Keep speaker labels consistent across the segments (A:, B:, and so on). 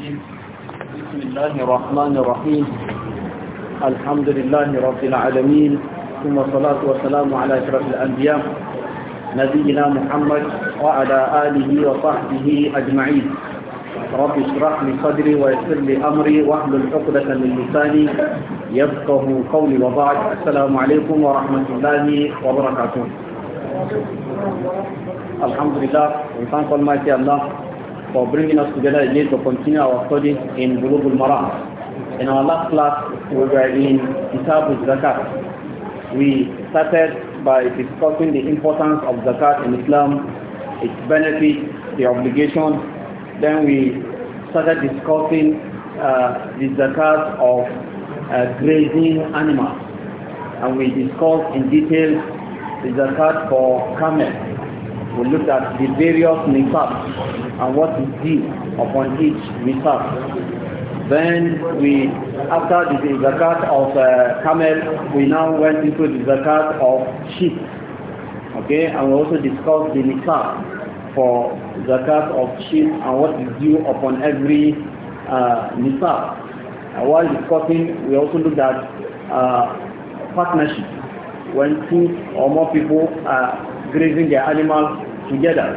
A: بسم
B: الله الرحمن الرحيم الحمد لله رب العالمين ثم الصلاة والسلام على أشرف الأنبياء نبينا محمد وعلى آله وصحبه أجمعين رب اشرح لي صدري ويسر لي أمري واحلل عقدة من لساني يفقه قولي وبعد السلام عليكم ورحمة الله وبركاته الحمد لله we الله for bringing us together again to continue our study in Bulubul Mara. maram In our last class, we were in Kitab al-Zakat. We started by discussing the importance of Zakat in Islam, its benefits, the obligation. Then we started discussing uh, the Zakat of uh, grazing animals. And we discussed in detail the Zakat for camels we looked at the various nisab and what is due upon each nisab. Then we, after the zakat of uh, camel, we now went into the zakat of sheep. Okay, and we also discussed the nisab for zakat of sheep and what is due upon every uh, nisab. Uh, while discussing, we also looked at uh, partnership when two or more people are grazing their animals together.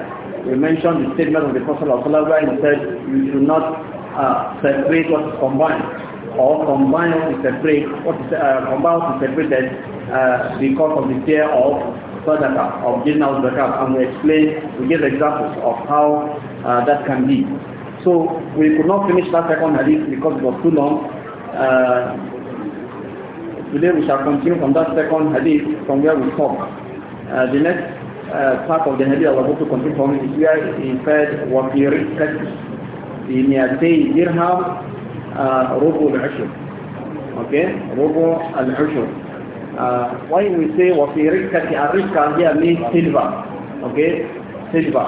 B: We mentioned the statement of the Prophet where he said, you should not uh, separate what is combined, or combine what is separate, what is uh, what is separated uh, because of the fear of sadaqah, of giving out zakat. And we explained, we gave examples of how uh, that can be. So we could not finish that second hadith because it was too long. Uh, today we shall continue from that second hadith from where we stopped. Uh, the next uh, part of the hadith of Abu complete for me here, he said, وَفِي رِكَّةِ dirham, دِرْهَمْ رُبُ الْعُشُرِ Okay? رُبُ الْعُشُرِ uh, when we say وَفِي رِكَّةِ الرِّكَّة here means silver. Okay? Silver.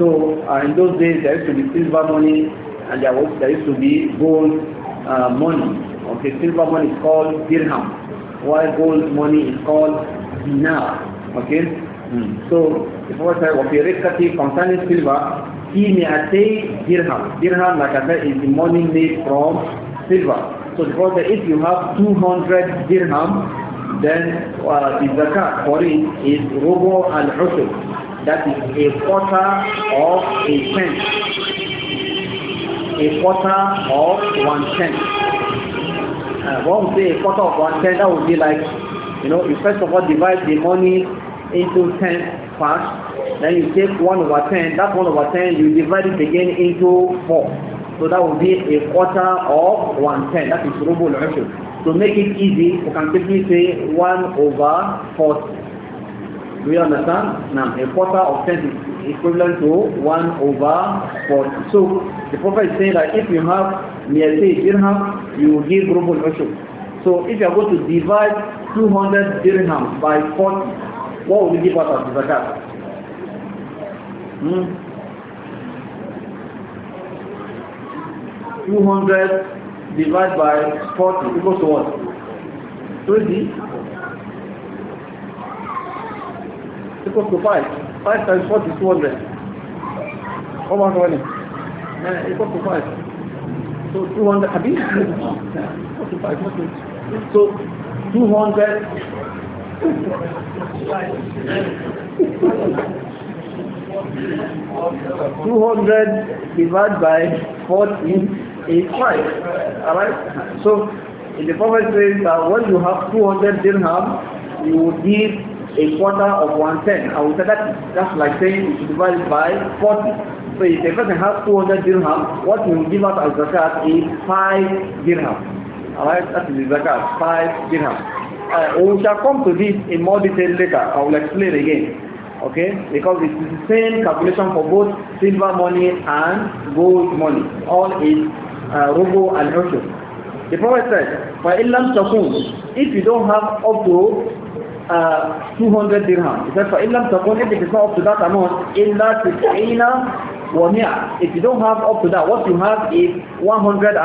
B: So uh, in those days there used to be silver money and there, was, there used to be gold uh, money. Okay, silver money is called dirham, while gold money is called dinar. Okay, Hmm. So if what I was Rekati concerning silver, he may say dirham. Dirham, like I said, is the money made from silver. So the Prophet if you have 200 dirham, then uh, the zakat for it is rubu al-usr. That is a quarter of a cent. A quarter of one cent. Uh, one say a quarter of one cent, that would be like, you know, you first of all divide the money into 10 parts. Then you take 1 over 10. That 1 over 10, you divide it again into 4. So that will be a quarter of 110. That is rubu al To make it easy, you can simply say 1 over four. Do you understand? Now, a quarter of 10 is equivalent to 1 over four. So the Prophet is saying that if you have Miyatei dirham, you will give rubu al So if you are going to divide 200 dirhams by 40, wọ́n ò ní kí pàtàkì àti zakat hmm. two hundred divided by forty equals to what twenty equals to five
A: five times forty two hundred how much money equals to five so two hundred abi forty five so two hundred Two
B: hundred divided by fourteen is
A: five. Alright?
B: So in the Prophet says that when you have two hundred dirham, you will give a quarter of one ten. I would say that that's like saying you divide it by forty. So if a person has 200 dirham, what he will give out as zakat is 5 dirham. Alright, that is zakat, 5 dirham. uh, we shall come to this in more detail later. I will explain again. Okay? Because it's the same calculation for both silver money and gold money. All is uh, rubu and ushur. The Prophet said, فَإِنْ لَمْ تَكُونْ If you don't have up to uh, 200 dirham. He said, فَإِنْ لَمْ تَكُونْ If it is not up to that amount, إِلَّا تِسْعِينَ وَمِعَ If you don't have up to that, what you have is 190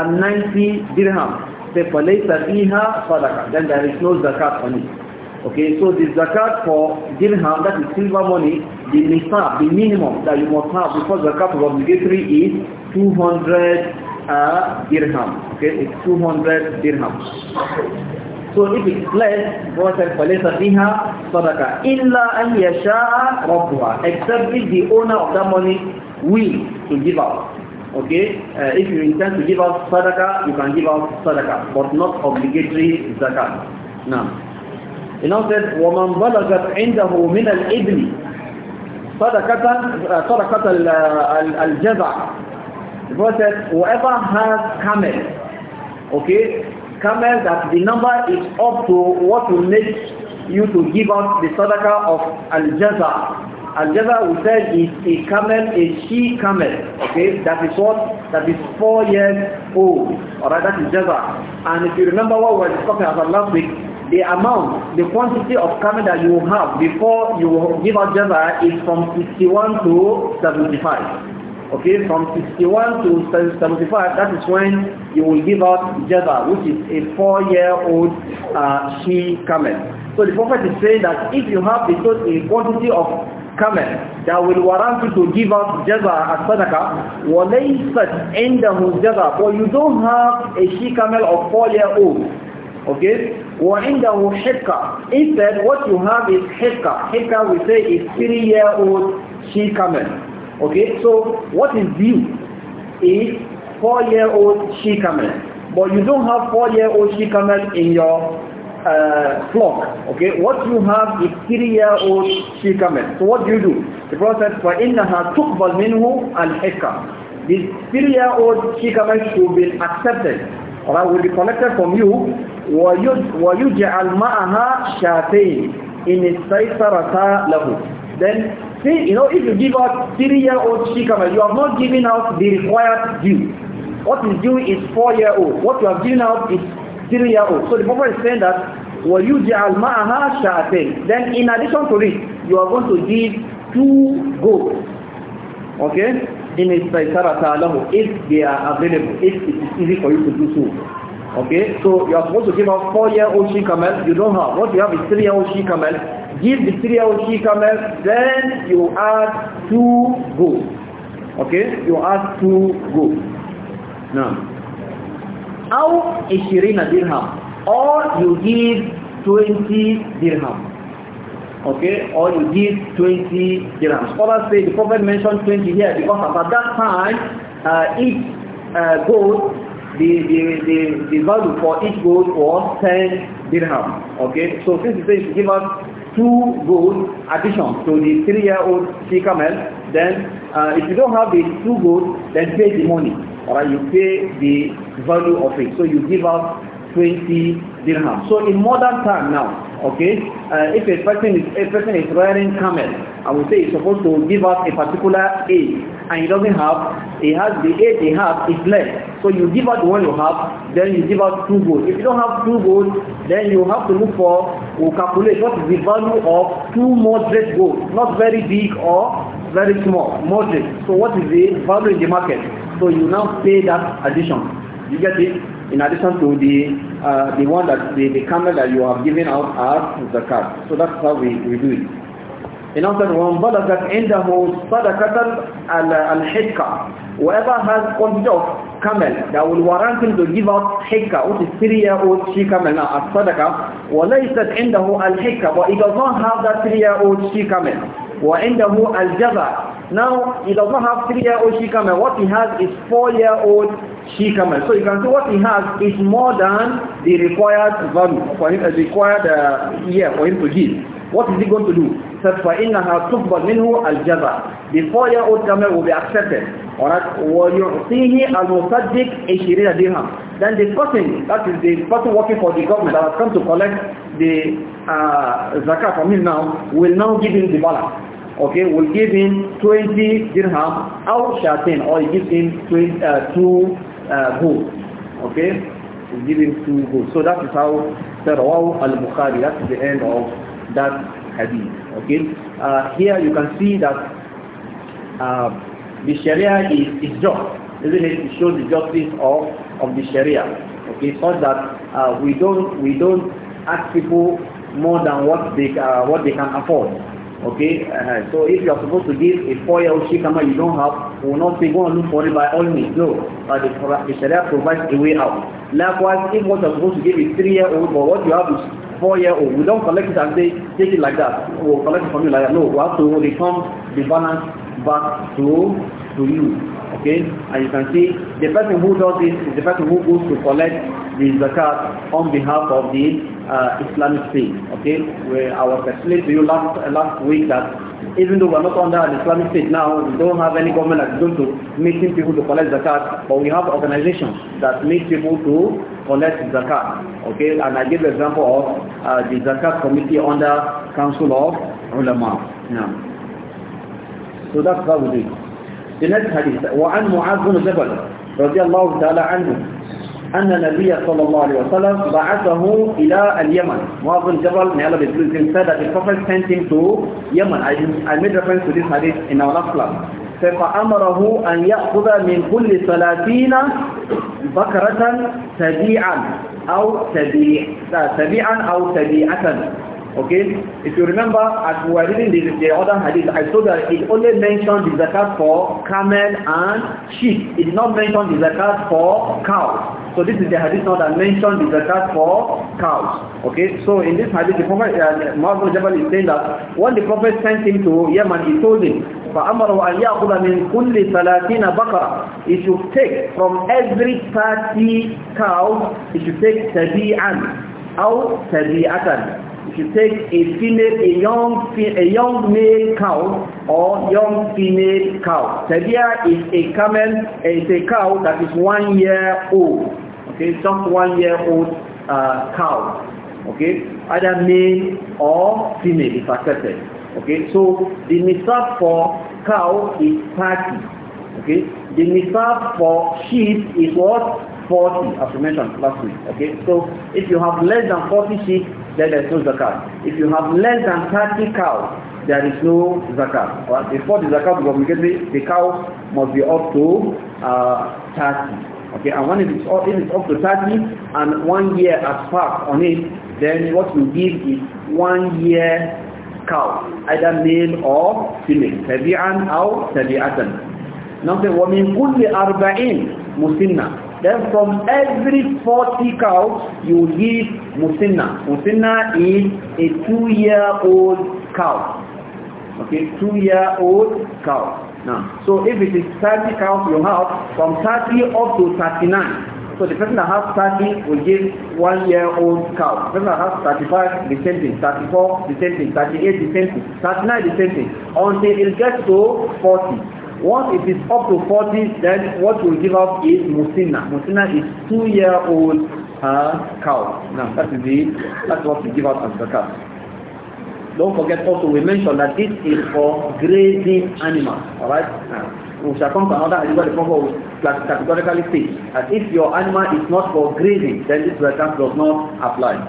B: dirham. Say, فَلَيْسَ فِيهَا صَدَقَةً Then there is no zakat on it. Okay, so the zakat for dirham, that is silver money, the nisab, the minimum that you must have before zakat is obligatory is 200 uh, dirham. Okay, it's 200 dirham. So if it's less, God said, فَلَيْسَ فِيهَا صَدَقَةً إِلَّا أَنْ يَشَاءَ رَبُّهَا Except if the owner of that money will to give out. Okay, uh, if you intend to give out sadaqa, you can give out sadaqa, but not obligatory zakat. Now, you know that وَمَنْ بَلَغَتْ عِنْدَهُ مِنَ الْإِبْنِ صَدَقَةً صَدَقَةَ الْجَزَعِ The Prophet said, whoever has camel, okay, camel that the number is up to what will make you to give out the sadaqa of al-jaza Al-Jabal we said is a camel, a she camel, okay, that is what, that is four years old, alright, that is Jabal. And if you remember what we were talking about last week, the amount, the quantity of camel that you have before you give out Jabal is from 61 to 75. Okay, from 61 to 75, that is when you will give out Jabal, which is a four-year-old uh, she camel. So the prophet is saying that if you have the quantity of camel that will warrant you to give us jaza as sadaqah وَلَيْسَتْ عِنْدَهُ jaza for you don't have a she camel of four year old okay وَعِنْدَهُ حِكَّة instead what you have is حِكَّة حِكَّة we say is three year old she camel okay so what is due is four year old she camel but you don't have four year old she camel in your uh, flock. Okay, what you have is kiriya or she camel. So what do you do? The Prophet says, فَإِنَّهَا minhu al الْحِكَّةِ This kiriya or she camel should be accepted. or Alright, will be collected from you. Wa وَيُجْعَلْ مَعَهَا شَاتَيْنِ in اسْتَيْسَرَتَا لَهُ Then, see, you know, if you give out three-year-old shikama, you are not giving out the required due. What is due is four year old. What you have given out is three year So the Prophet is saying that وَيُجْعَلْ مَعَهَا شَعْتَيْنِ Then in addition to this, you are going to give two goats. Okay? In a istaisarata lahu if they are available, if it is easy for you to do so. Okay? So you are supposed to give out four-year-old she camel. You don't have. What you have is three-year-old she camel. Give the three-year-old she camel, then you add two goats. Okay? You add two goats. Now. أو عشرين dirham? or you give 20 dirham okay or you give 20 dirham scholars say the prophet mentioned 20 here because at that time uh, each uh, gold the, the, the, the value for each gold was 10 dirham okay so since he says give us two gold addition to the three-year-old sea camel then uh, if you don't have the two gold then pay the money Alright, you pay the value of it. So you give out 20 dirham. So in modern time now, okay, uh, if a person is a person is wearing camel, I would say he's supposed to give out a particular aid, and he doesn't have, he has the aid he has is less. So you give out the one you have, then you give out two gold. If you don't have two gold, then you have to look for, or calculate what is the value of two moderate gold, not very big or very small, moderate. So what is the value in the market? So you now pay that addition. You get it? In addition to the uh, the one that the, the camel that you have given out as the card. So that's how we, we do it. In other words, وَمَنْ بَلَغَتْ عِنْدَهُ صَدَقَةً الْحِكَّةِ Whoever has quantity of camel that will warrant him to give out hikka, which is three-year-old she camel now as sadaqah, وَلَيْسَتْ al الْحِكَّةِ But he does not have that three-year-old she camel. وعنده الجزع now he does not have three-year-old shikama what he has is four-year-old shikama so you can see what he has is more than the required value for him, uh, required uh, year for him to give what is he going to do said فَإِنَّهَا تُقْبَلْ minhu الْجَزَى the four-year-old camel will be accepted alright وَيُعْطِيهِ الْمُصَدِّقْ إِشْرِينَ دِرْهَمْ then the person that is the person working for the government that has come to collect the uh, zakat from him now will now give him the balance okay, will give him 20 dirham or shatin, or he gives him 20, uh, two uh, gold. Okay, he give him two gold. So that is how the Tarawaw al-Bukhari, that is the end of that hadith. Okay, uh, here you can see that uh, the Sharia is, is just, isn't it? It shows the justice of, of the Sharia. Okay, so that uh, we don't we don't ask people more than what they uh, what they can afford. Okay, uh, so if you are supposed to give a four-year-old shikama you don't have, you will not say go and look for it by all means. No, but the, the Sharia provides a way out. Likewise, if what you are supposed to give is three-year-old, but what you have is four-year-old, we don't collect it and say take it like that. We'll collect it from you like that. No, we have to return the balance back to, to you. Okay? And you can see the person who does this is the person who goes to collect the zakat on behalf of the uh, Islamic State. Okay? Where I was explaining to you last, uh, last week that even though we're not under an Islamic State now, we don't have any government that's going to make people to collect zakat, but we have organizations that make people to collect zakat. Okay, and I give the example of uh, the zakat committee under Council of Ulama. Yeah. So that's how The next hadith, وعن معاذ بن جبل رضي الله تعالى عنه أن النبي صلى الله عليه وسلم بعثه إلى اليمن معاذ بن جبل may Allah be pleased said that the Prophet sent him to Yemen I, I made reference to this hadith in our last class فأمره أن يأخذ من كل ثلاثين بكرة تبيعا أو تبيعا أو تبيعة Okay? If you remember, as we were reading the, the other hadith, I told that it only mentioned the zakat for camel and sheep. It did not mention the zakat for cows. So this is the hadith now that mentioned the zakat for cows. Okay? So in this hadith, the Prophet, uh, Muhammad Jabal is saying that when the Prophet sent him to Yemen, he told him, فَأَمَرَهُ أَنْ يَأْخُذَ مِنْ كُلِّ ثَلَاثِينَ بَقَرَةً He should take from every 30 cows, he should take تَبِيعًا أو تَبِيعَةً to take a female, a young, a young male cow or young female cow. Tabia is a camel, is a cow that is one year old. Okay, just one year old uh, cow. Okay, either male or female is accepted. Okay, so the nisab for cow is 30. Okay, the nisab for sheep is what? 40, as we mentioned last week. Okay, so if you have less than 40 sheep, then there's no zakat. If you have less than 30 cows, there is no zakat. Well, before the zakat becomes obligatory, the cows must be up to uh, 30. Okay, and when it is up, it is up to 30 and one year has passed on it, then what you give is one year cow, either male or female, tabi'an or tabi'atan. Now say, وَمِن كُلِّ أَرْبَعِينَ مُسِنَّةً Then from every 40 cows, you give Musinna. Musinna is a two-year-old cow. Okay, two-year-old cow. Now, so if it is 30 cows you have, from 30 up to 39. So the person that has 30 will give one-year-old cow. The person that has 35, the same thing. 34, the same thing. 38, the same thing. 39, the same thing. Until it gets to 40. Once it is up to 40, then what will give up is Musina. Musina is two-year-old uh, cow. Now, that is the, that's what we give out as the cow. Don't forget also we mentioned that this is for grazing animals. Alright? Uh, we shall come to another animal the Prophet categorically say that if your animal is not for grazing, then this zakat does not apply.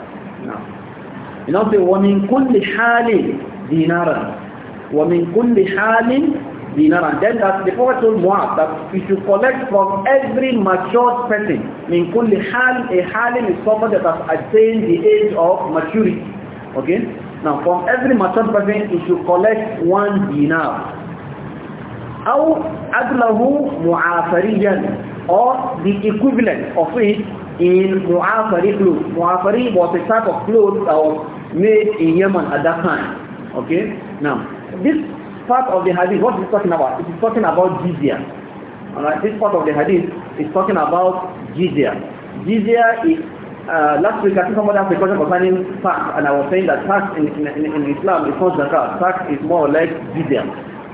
B: Now, you know, say, وَمِن كُلِّ حَالٍ دِينَارًا وَمِن كُلِّ حَالٍ dinar and then that the Prophet told Muaz that we should collect from every mature person min kulli hal a halim is someone that has attained the age of maturity okay now from every mature person you should collect one dinar أو أدله معافريا or the equivalent of it in Mu'afari clothes. Mu'afari was a type of clothes that was made in Yemen at that time. Okay? Now, this part of the hadith, what is it talking about? It is talking about jizya. Alright, this part of the hadith is talking about jizya. Jizya is, uh, last week I think somebody asked a question concerning tax, and I was saying that tax in, in, in Islam is not zakat, tax is more or less jizya.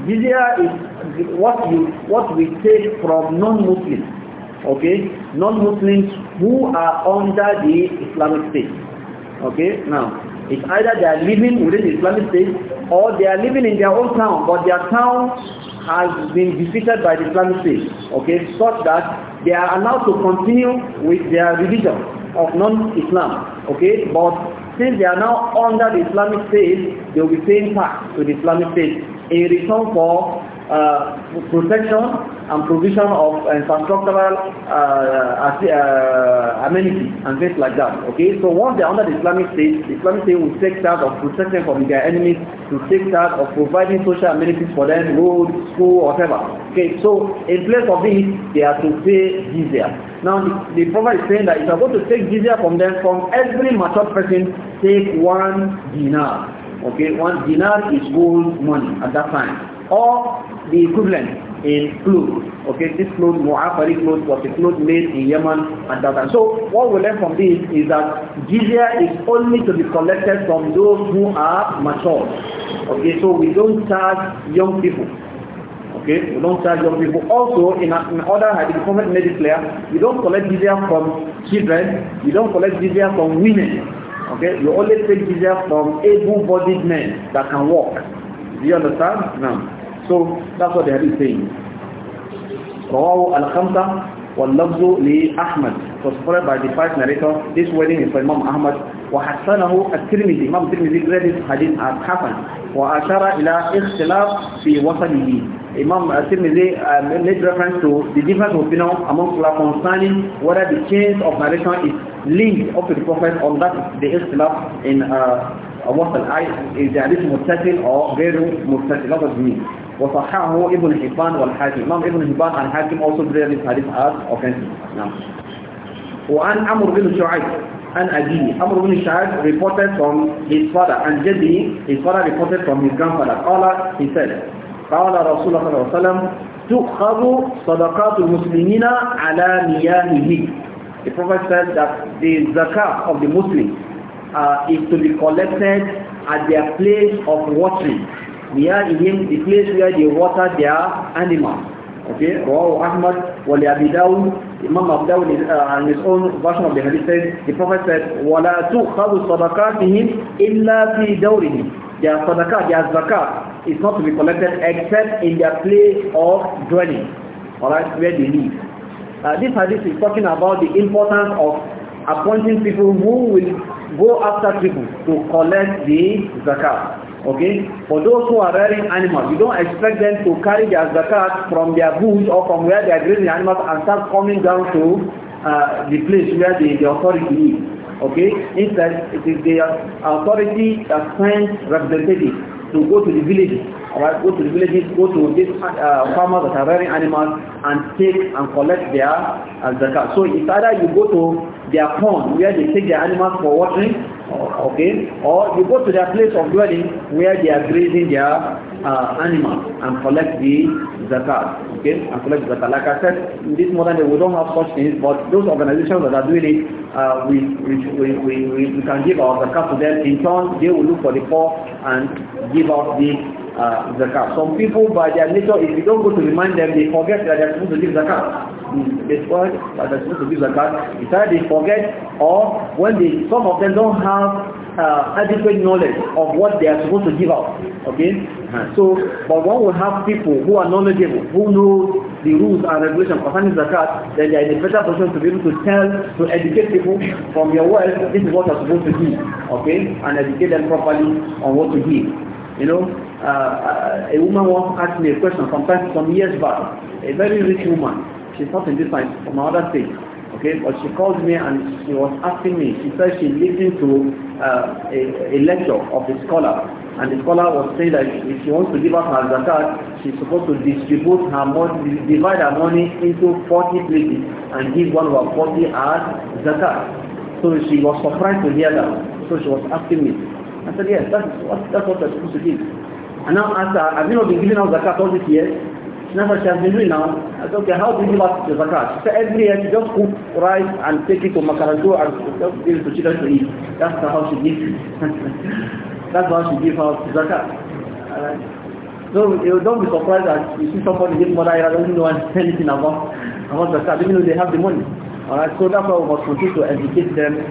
B: Jizya is what you what we take from non-Muslims, okay? Non-Muslims who are under the Islamic state. Okay, now It's either they are living within Islamic State or they are living in their own town, but their town has been defeated by the Islamic State, okay, such that they are allowed to continue with their religion of non-Islam, okay, but since they are now under the Islamic State, they will be paying tax to the Islamic State in return for Uh, protection and provision of infrastructural uh, uh, amenities and things like that. Okay, so once they're under the Islamic State, the Islamic State will take charge of protection from their enemies, to take charge of providing social amenities for them, roads, school, whatever. Okay, so in place of this, they are to pay jizya. Now, the, the Prophet is saying that if you are going to take jizya from them, from every mature person, take one dinar. Okay, one dinar is gold money at that time or the equivalent in clothes. Okay, this cloth, Mu'afari cloth, was a cloth made in Yemen at that time. So what we learn from this is that jizya is only to be collected from those who are mature. Okay, so we don't charge young people. Okay, we don't charge young people. Also, in, in other hadith, Prophet made it clear, you don't collect jizya from children, We don't collect jizya from women. Okay, you only take jizya from able-bodied men that can walk. Do you understand? Now. So that's what the hadith is saying. رواه الخمسة واللفظ لأحمد supported by the five narrators this wedding is by Imam Ahmad وحسنه الترمذي Imam الترمذي graded hadith as حسن وأشار إلى اختلاف في وصله Imam الترمذي uh, uh, made reference to the difference of opinion among scholars concerning whether the chain of narration is linked up to the Prophet or that the اختلاف in uh, وصل I is the hadith متصل or غير متصل what does it mean وصححه ابن حبان والحاكم Imam Ibn Hibban and Hakim also graded this hadith as offensive now وعن عمرو بن شعيب عن أبيه عمرو بن شعيب reported from his father and جدي his father reported from his grandfather قال he said قال رسول الله صلى الله عليه وسلم تؤخذ صدقات المسلمين على مياهه The Prophet said that the zakat of the Muslims uh, is to be collected at their place of watering are in him the place where they water their animals. Okay, Rawahu Ahmad, Wali Abi Dawud, Imam Abu Dawud uh, in his own version of the hadith says, the Prophet said, وَلَا تُخَذُ صَدَقَاتِهِمْ إِلَّا فِي دَوْرِهِمْ Their sadaqah, their zakah, is not to be collected except in their place of dwelling, All right, where they live. Uh, this hadith is talking about the importance of appointing people who will go after people to collect the zakah. Okay? For those who are rearing animals, you don't expect them to carry their zakat from their bush or from where they are grazing animals and start coming down to uh, the place where the, the authority is. Okay? Instead, it is the authority that sends representatives to go to the villages. Alright? Go to the villages, go to these uh, farmers that are rearing animals and take and collect their uh, zakat. So it's either you go to their pond where they take their animals for watering, okay, or you go to their place of dwelling where they are grazing their uh, animals and collect the zakat, okay, and collect the zakat. Like I said, in this modern day we don't have such things, but those organizations that are doing it, uh, we, we, we, we, can give our zakat to them. In turn, they will look for the poor and give out the uh, zakat. Some people by their nature, if you don't go to remind them, they forget that they're supposed to give zakat. card. Hmm. That's why they're supposed to give zakat. card. either they forget or when they, some of them don't have uh, adequate knowledge of what they are supposed to give out. Okay? Uh-huh. So, but one will have people who are knowledgeable, who know the rules and regulations concerning zakat, then they are in a better position to be able to tell, to educate people from your world. this is what you're supposed to give. Okay? And educate them properly on what to give. You know, uh, a woman once asked me a question sometimes some years back. A very rich woman. She's not in this time, from another state. Okay, but she called me and she was asking me. She said she listened to uh, a, a lecture of a scholar, and the scholar was saying that if she wants to give out her zakat, she's supposed to distribute her money, divide her money into 40 places and give one her 40 as zakat. So she was surprised to hear that. So she was asking me. I said, yes, that's what, that's what I'm supposed to give. And now asked her, uh, have you not been giving out zakat all these years? She now said, she has been doing now. I said, okay, how do you give out the zakat? She said, every year she just cook rice and take it to Makarantu and just give it to children to eat. That's how she gives That's how she gives out zakat. So you don't be surprised that you see somebody give mother I don't know anything about, about zakat, even though they have the money. Alright, so that's why we must continue to educate them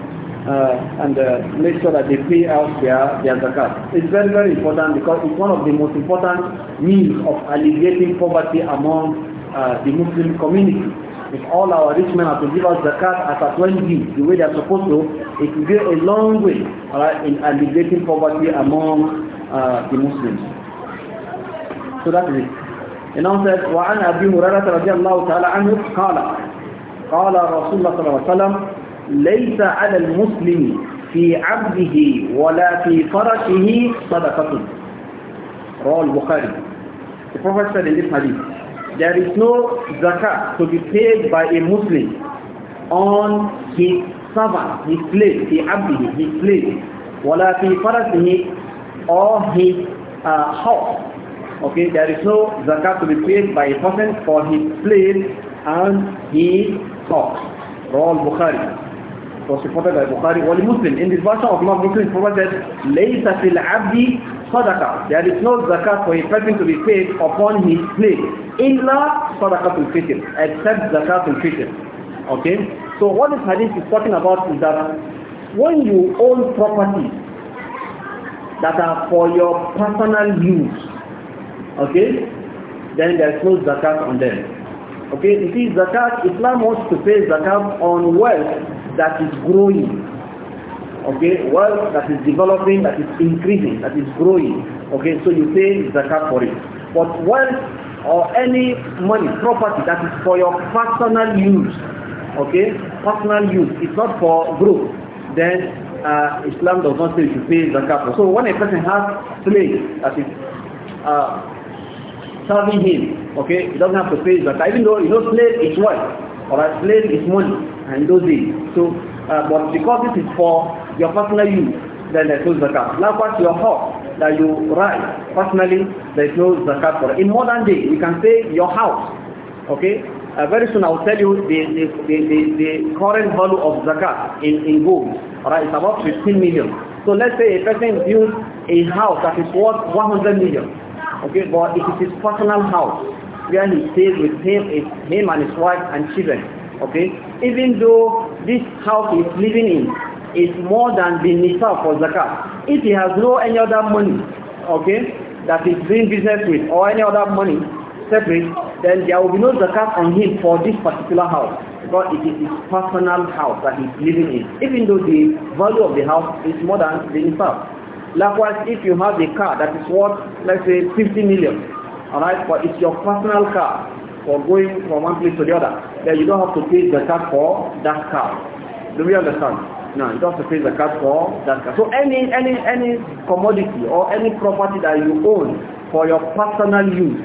B: uh, and uh, make sure that they pay out their, their zakat. It's very, very important because it's one of the most important means of alleviating poverty among uh, the Muslim community. If all our rich men are to give us zakat as at 20 the way they are supposed to, it will go a long way in alleviating poverty among uh, the Muslims. So that is it. And now says, وعن أبي هريرة رضي الله تعالى عنه قال قال رسول الله صلى الله عليه وسلم ليس على المسلم في عبده ولا في فرشه صدقة رواه البخاري The Prophet said in this hadith, there is no zakat to be paid by a Muslim on his servant, his slave, the abdi, his slave, or his uh, house. Okay, there is no zakat to be paid by a person for his slave and his house. Rawal Bukhari. was reported by Bukhari or Muslim. In this version of Imam Muslim is provided, لَيْسَ فِي الْعَبْدِ صَدَقَةً There is no zakat for a person to be paid upon his slave. إِلَّا صَدَقَةُ الْفِتْر Except zakat al-fitr. Okay? So what this hadith is talking about is that when you own property that are for your personal use, okay, then there is no zakat on them. Okay, you see zakat, Islam wants to pay zakat on wealth that is growing. Okay, wealth that is developing, that is increasing, that is growing. Okay, so you pay zakat for it. But wealth or any money, property that is for your personal use, okay, personal use, it's not for group, then uh, Islam does not say you should pay zakat. So when a person has slaves that is uh, serving him, okay, he doesn't have to pay zakat, even though you know slave is wealth, or a slave is money. And those days. So, uh, but because this is for your personal use, then there's no zakat. Likewise, your house that you ride personally, there's no zakat for it. In modern day, you can say your house, okay? Uh, very soon I'll tell you the, the, the, the, the current value of zakat in, in gold. Alright, it's about 15 million. So let's say a person builds a house that is worth 100 million. Okay, but it is his personal house where he stays with him, his, him and his wife and children. Okay? Even though this house is living in is more than the nisab for zakat. If he has no any other money, okay, that he's doing business with or any other money separate, then there will be no zakat on him for this particular house because it is his personal house that he's living in. Even though the value of the house is more than the nisab. Likewise, if you have a car that is worth, let's say, 50 million, all right, but it's your personal car for going from one place to the other, that you don't have to pay the zakat for that car. Do we understand? No, you don't have to pay the zakat for that car. So any, any, any commodity or any property that you own for your personal use,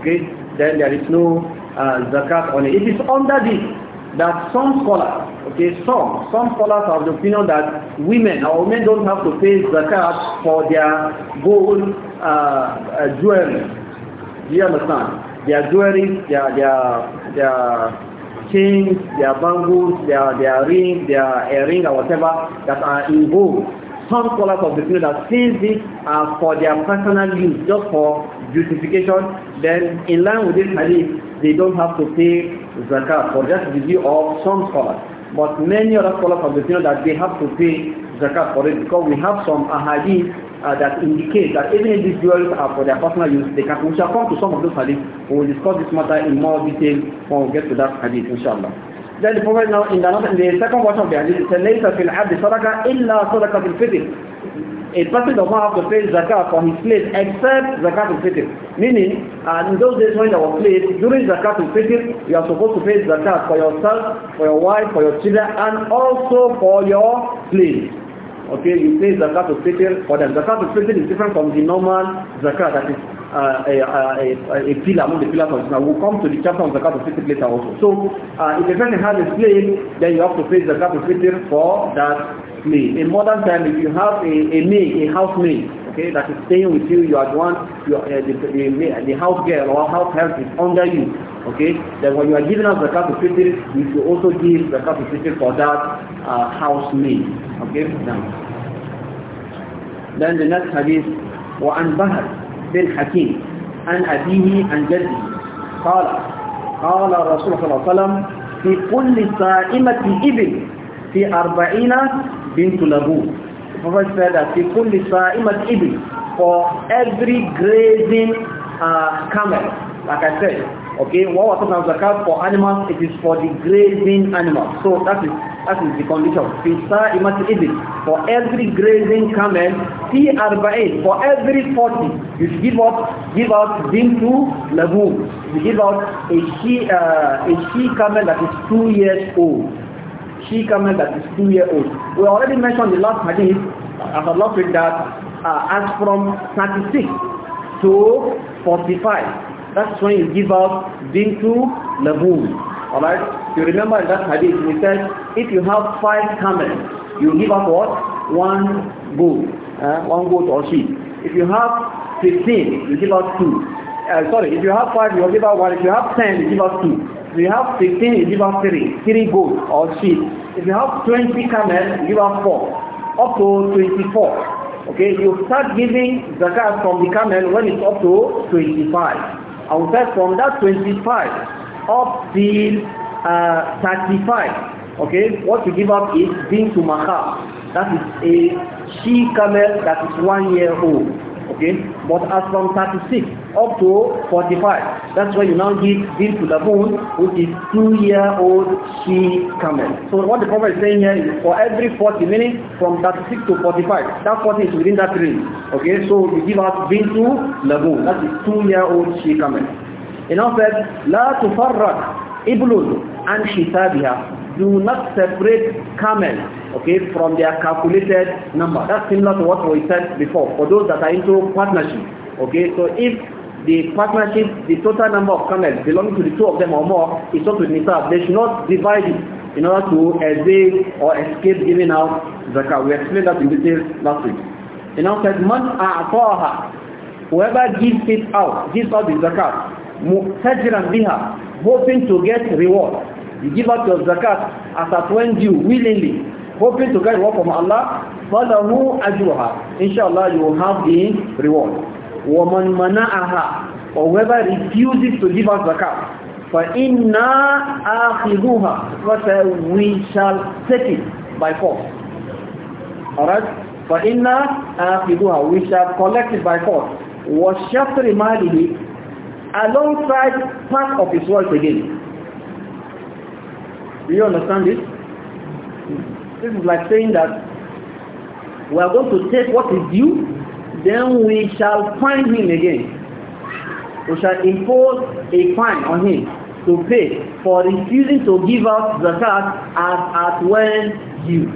B: okay, then there is no uh, zakat on it. It is under this that some scholars, okay, some, some scholars have the opinion that women or women don't have to pay zakat for their gold uh, uh, jewelry. Do you understand? Their jewelry, their, their, their chains, their bangles, their, their ring, their earring eh, or whatever that are in gold. Some scholars of the field that since this are for their personal use, just for justification, then in line with this hadith, they don't have to pay zakat, for just the view of some scholars. But many other scholars of the field that they have to pay zakat for it because we have some ahadith uh, that indicate that even if these jewelries are for their personal use, they can, we shall come to some of those hadith. We will discuss this matter in more detail when we get to that hadith, inshallah. Then the Prophet now, in the, in the second version of the hadith, it says, لَيْسَ فِي الْعَبْدِ صَدَقَ إِلَّا صَدَقَةِ A person does not have to pay zakat for his place except zakat al-fitr. Meaning, uh, in those days when there was slaves, during zakat al-fitr, you are supposed to pay zakat for yourself, for your wife, for your children, and also for your slaves. Okay, you pay zakat of fitr for them. Zakat of fitr is different from the normal zakat that is uh, a, a, uh, a, a pillar among the pillars of Islam. We'll come to the chapter on zakat of fitr later also. So uh, if a person has a slave, then you have to pay zakat of fitr for that slave. In modern time, if you have a, a maid, a housemaid, okay, that is staying with you, you are one, you are, uh, the, the, the house girl or house help is under you, okay? Then when you are giving out zakat of fitr, you should also give zakat of fitr for that uh, housemaid. اوكي نعم لان الناس حديث وعن بهر بن حكيم عن أبيه عن جده قال قال الرسول صلى الله عليه وسلم في كل صائمة إبل في أربعين بنت لبون Prophet said that في كل صائمة إبل for every grazing uh, camel like I said Okay, what was talking about zakat for animals, it is for the grazing animals. So that is that is the condition. Fisa imat ibn. For every grazing camel, fi arba'in. For every forty, you should give out give out din to lagoon. You give out a she uh, a she camel that is two years old. She camel that is two year old. We already mentioned the last hadith as Allah said that uh, as from thirty six to forty five. That's when you give up Bintu Labun. Alright? You remember in that hadith He said, if you have five camels, you give up what? One goat. Uh, one goat or sheep. If you have fifteen, you give out two. Uh, sorry, if you have five, you give out one. If you have ten, you give out two. If you have fifteen, you give out three. Three goats or sheep. If you have twenty camels, you give out four. Up to twenty four. Okay, you start giving zakat from the camel when it's up to twenty five. I will say from that 25 up till uh, 35, okay, what you give up is being to Maha. That is a she camel that is one year old, okay but as from 36 up to 45. That's why you now give this to the moon, which is two-year-old she camel. So what the Prophet is saying here is for every 40 minutes from 36 to 45, that 40 is within that range. Okay, so you give us out bintu lagoon. That is two-year-old she camel. In other words, لا تفرق إبل عن حسابها. Do not separate camel okay, from their calculated number. That's similar to what we said before, for those that are into partnership. Okay, so if the partnership, the total number of camels belonging to the two of them or more is not to nisab. They should not divide it in order to evade or escape giving out zakat. We explained that in detail last week. It now says, Man a'ataha, whoever gives it out, gives out the zakat, mu'tajiran biha, hoping to get reward. You give out your zakat as at when you willingly, hoping to get reward from Allah, فَلَهُ أَجْرُهَا Inshallah, you will have the reward. وَمَنْ مَنَعَهَا Or whoever refuses to give us zakat, فَإِنَّا آخِذُهَا But uh, we shall take it by force. Alright? فَإِنَّا آخِذُهَا We shall collect it by force. وَشَفْرِ مَالِهِ Alongside part of his wealth again. Do you understand this? This is like saying that we are going to take what is due, then we shall find him again. We shall impose a fine on him to pay for refusing to give the zakat as at when due.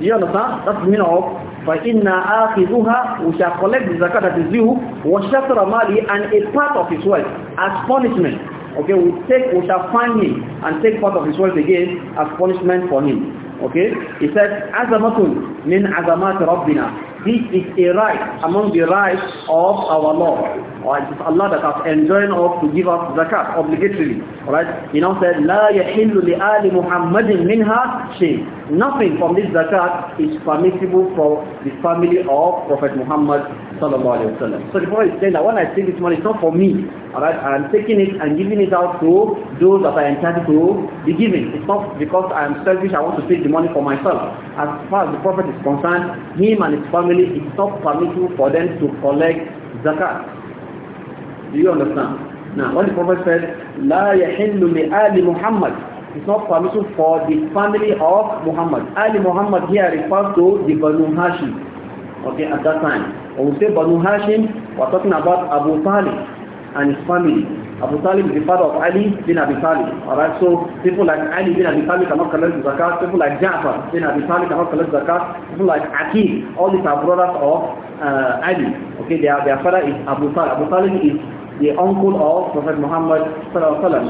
B: Do you understand? That's the meaning of For فَإِنَّا آخِذُهَا We shall collect the zakat that is due وَشَطْرَ مَالِي and a part of his wealth as punishment. Okay, we take, we shall find him and take part of his wealth again as punishment for him. Okay? He says, Azamatun min azamat Rabbina. This is a right among the rights of our Lord or it is Allah that has enjoined us to give us zakat obligatorily. Alright? He now said, لا يحل لآل محمد منها شيء. Nothing from this zakat is permissible for the family of Prophet Muhammad sallallahu alayhi wa So the Prophet is saying that when I take this money, it's not for me. Alright? I am taking it and giving it out to those that I intend to be giving. It's not because I am selfish, I want to take the money for myself. As far as the Prophet is concerned, him and his family, it's not permissible for them to collect zakat. Do you
A: understand? Now,
B: when the Prophet said, La yahillu li Ali Muhammad, it's not permissible for the family of Muhammad. Ali Muhammad here refers to the Banu Hashim. Okay, at that time. When we say Banu Hashim, we're talking about Abu Talib and his family. Abu Talib is the father of Ali bin Abi Talib. All right, so people like Ali bin Abi Talib cannot collect zakat, people like Ja'far bin Abi Talib cannot collect zakat, people like Aqil, all these are brothers of uh, Ali. Okay, their, their father is Abu Talib. Abu Talib is the uncle of Prophet Muhammad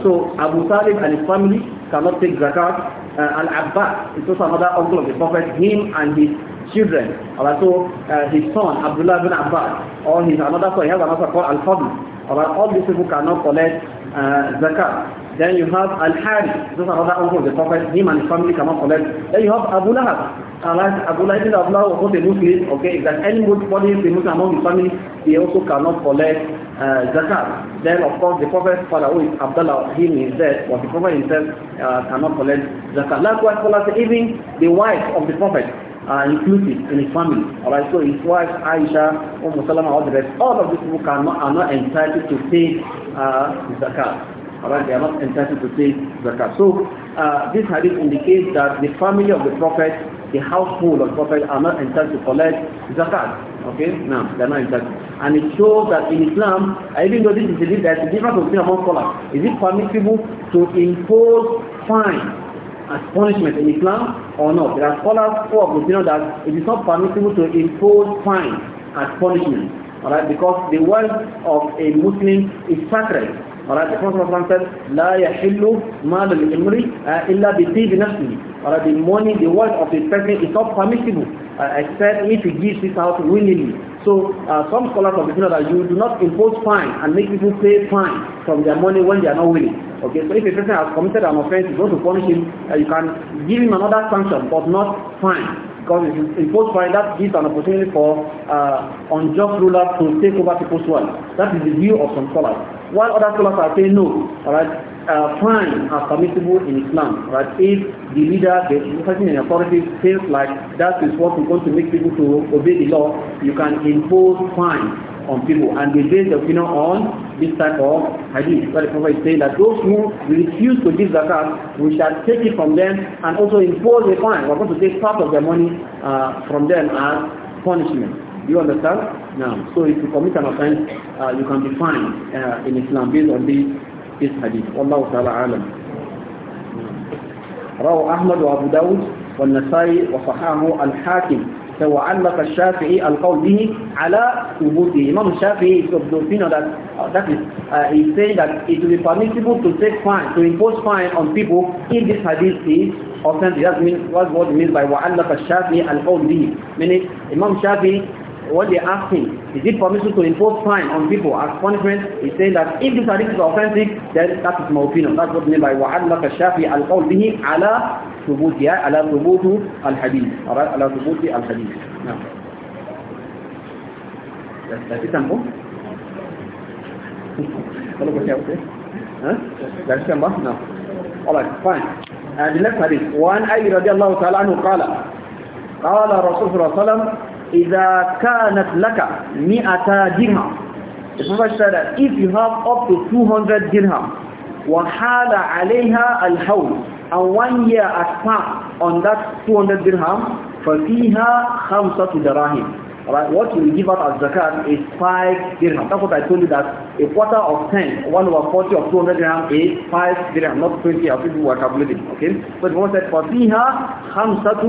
B: So Abu Talib and his family cannot take zakat. Uh, Al-Abbas is also another uncle of the Prophet, him and his children. Right, so uh, his son Abdullah bin Abbas or his another son, he has another called Al-Fadl. Right, all these people cannot collect uh, zakat. Then you have Al-Hari, this is another uncle of the Prophet, him and his family cannot collect. Then you have Abu Lahab. Allah, Abu Lahab is Abu Lahab, also a Muslim, okay, if there's anybody is a Muslim among his family, they also cannot collect uh, zakat, then of course the Prophet, father, oh, Abdullah, him is dead, but the Prophet himself uh, cannot collect zakat. Likewise, scholars say even the wife of the Prophet are uh, in his family. Alright, so his wife, Aisha, Umm Salama, all the rest, all of these people cannot, are not entitled to pay uh, zakat. Alright, they are not entitled to pay zakat. So uh, this hadith indicates that the family of the Prophet, the household of the Prophet are not entitled to collect zakat. Okay, now they're not exact. And it shows that in Islam, even though this is a there's a difference between among scholars. Is it permissible to impose fine as punishment in Islam or not? There are scholars who have opinion that it is not permissible to impose fine as punishment. Alright, because the wealth of a Muslim is sacred. Alright, the Prophet said, لا يحل مال الإمري إلا بطيب نفسه. Alright, the money, the wealth of a person is not permissible uh, except if he gives this out willingly. So uh, some scholars of the that you do not impose fine and make people pay fine from their money when they are not willing. Okay, so if a person has committed an offense, you going to punish him, uh, you can give him another sanction, but not fine. Because if you impose fine, that gives an opportunity for uh, unjust rulers to take over people's wealth. That is the view of some scholars. While other scholars are saying no, all right, uh, fine are permissible in Islam, right? If the leader, the person in authority feels like that is what we want to make people to obey the law, you can impose fine on people. And they base their opinion on this type of hadith. But the Prophet is saying that those who refuse to give zakat, we shall take it from them and also impose a fine. We're going to take part of their money uh, from them as punishment. you understand? Now, so if you commit an offense, uh, you can be fined uh, in Islam based on this. في الحديث والله تعالى عالم روى أحمد وأبو داود والنسائي وصححه الحاكم وعلق الشافعي القول به على ثبوته Imam الشافعي is of that is uh, he's saying that it will be permissible to take fine to impose fine on people if this hadith is authentic that means what what means by وعلق الشافعي القول به meaning Imam Shafi what they're asking, is it permissible to impose fine on people as punishment? He saying that if this hadith is authentic, then that is my opinion. That's what meant by وَعَلَّكَ الشَّافِي الْقَوْلِ بِهِ عَلَى ثُبُوتِهَا على ثُبُوتِ الْحَدِيثِ Alright, على ثُبُوتِ الْحَدِيثِ Now, that's,
A: it, Ambo. Hello, what's up?
B: Huh? That's it, Ambo? No. Alright, fine. And the next hadith, وَعَنْ أَيِّ رَضِيَ اللَّهُ تَعَالَى عَنْهُ قَالَ قال رسول الله صلى الله إذا كانت لك مئة درهم The Prophet said that if you have up to 200 dirham وحال عليها الحول and one year has passed on that 200 dirham ففيها خمسة دراهم Alright, what you give out as zakat is 5 dirham. That's what I told you that a quarter of ten, one over 40 of 200 dirham is 5 dirham, not 20 as people were calculating. Okay? but what Prophet for? فَفِيهَا خَمْسَةُ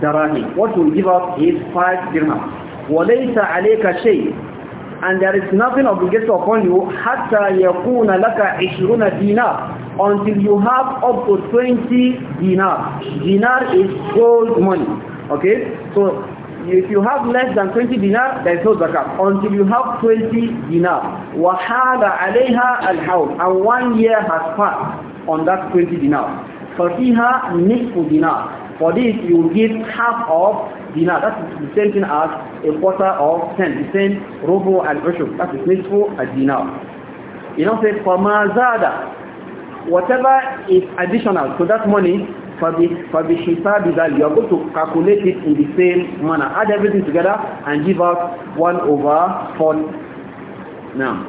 B: darahi. What you give out is 5 dirham. وَلَيْسَ عَلَيْكَ شَيْءٍ and there is nothing obligated upon you hatta yakuna laka 20 dinar until you have up to 20 dinar dinar is gold money okay so if you have less than 20 dinar, there is no zakat until you have 20 dinar. وَحَالَ عَلَيْهَا الْحَوْلِ And one year has passed on that 20 dinar. فَفِيهَا نِصْفُ dinar. For this, you will give half of dinar. That's the same thing as a quarter of 10. The same rubu and ushub That is nisfu al-dinar. You know, say, فَمَا زَادَ Whatever is additional to that money, For فَبِحِسَابِ that you are going to calculate it in the same manner. Add everything together and give out 1 over 4. Now,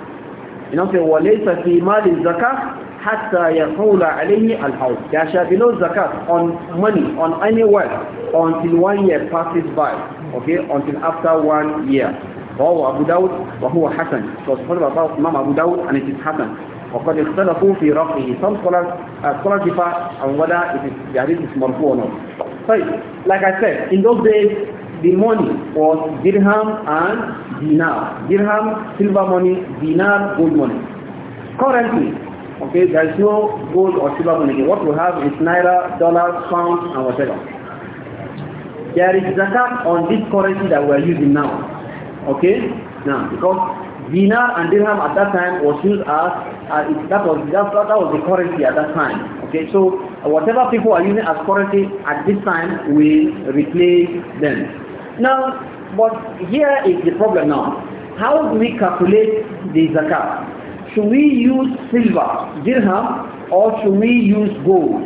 B: you know, say, وَلَيْسَ فِي مَالِ الزَّكَاةِ hatta yaqula alayhi al there shall be no zakat on money on any wealth until one year passes by okay until after one year رواه أبو داود وهو حسن so سبحان الله Imam Abu Dawud and it is حسن وقد اختلفوا في رفعه some scholars differ uh, on whether it is the hadith is marfu or not so like I said in those days the money was dirham and dinar dirham silver money dinar gold money currently okay there is no gold or silver money what we have is naira dollars pounds and whatever there is zakat on this currency that we are using now okay now because Dinar and dirham at that time was used as, uh, that was that, that was the currency at that time. Okay, so uh, whatever people are using as currency at this time we replace them. Now, but here is the problem now. How do we calculate the zakat? Should we use silver, dirham, or should we use gold?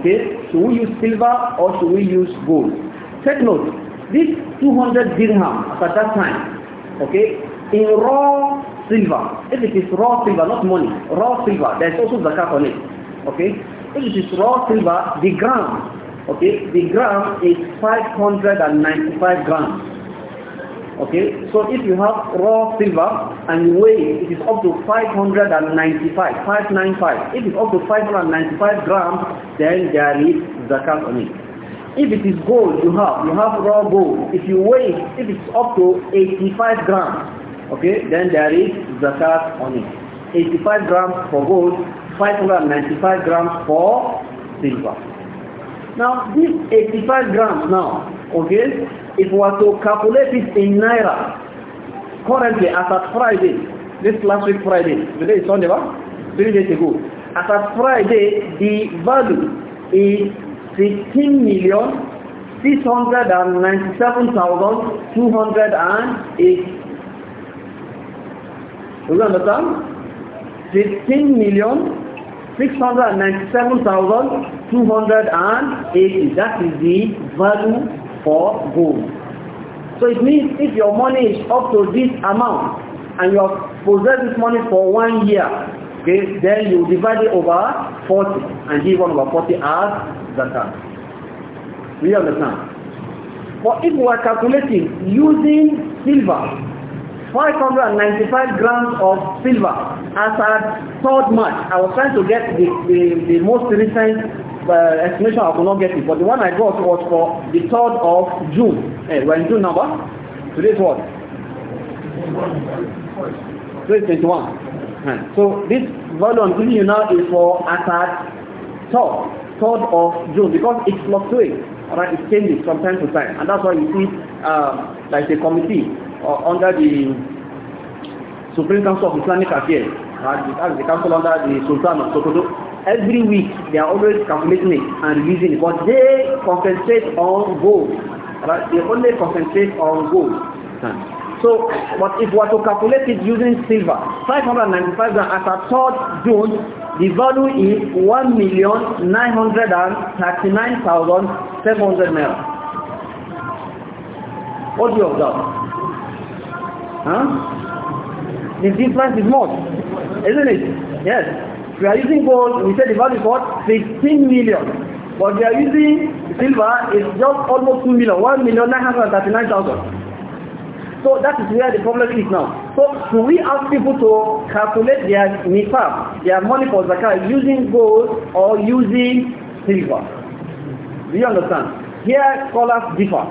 B: Okay, should we use silver or should we use gold? Take note, this 200 dirham at that time, okay, in raw silver. If it is raw silver, not money, raw silver, there's also zakat on it. Okay? If it is raw silver, the gram, okay, the gram is 595 grams. Okay, so if you have raw silver and you weigh it is up to 595, 595. If it's up to 595 grams, then there is zakat on it. If it is gold you have, you have raw gold. If you weigh if it's up to 85 grams, Okay, then there is zakat on it. 85 grams for gold, 595 grams for silver. Now, this 85 grams now, okay, if we were to calculate it in Naira, currently as at Friday, this last week Friday, today is Sunday, right? three days ago, as at Friday, the value is 16 million six hundred hundred and and ninety-seven thousand two eight. Do you understand? 15 million 697,280. That is the value for gold. So it means if your money is up to this amount and you have possessed this money for one year, okay, then you divide it over 40 and give 1 over 40 as time. Do you understand? But if we are calculating using silver 595 grams of silver as a third rd I was trying to get the, the, the most recent uh, estimation, I could not get it, but the one I got was for the 3rd of June. Hey, we're in June number. Today's what? Today's 21. Right. So this value I'm giving you now is for as a third third of June because it fluctuates. Alright, it changes from time to time, and that's why you see, uh, like a committee under the Supreme Council of Islamic Affairs, uh, the council under the Sultan of Sokoto, every week they are always calculating it and releasing it, but they concentrate on gold. Right? They only concentrate on gold. Hmm. So, but if we are to calculate it using silver, 595 grams as at a third June, the value is 1,939,700 naira. What do you observe? Huh? The difference is more, isn't it? Yes. We are using gold, we said the value is what? 16 million. But we are using silver, it's just almost 2 million, 1 million 939,000. So that is where the problem is now. So should we ask people to calculate their nifab, their money for zakat, using gold or using silver? Do you understand? Here scholars differ.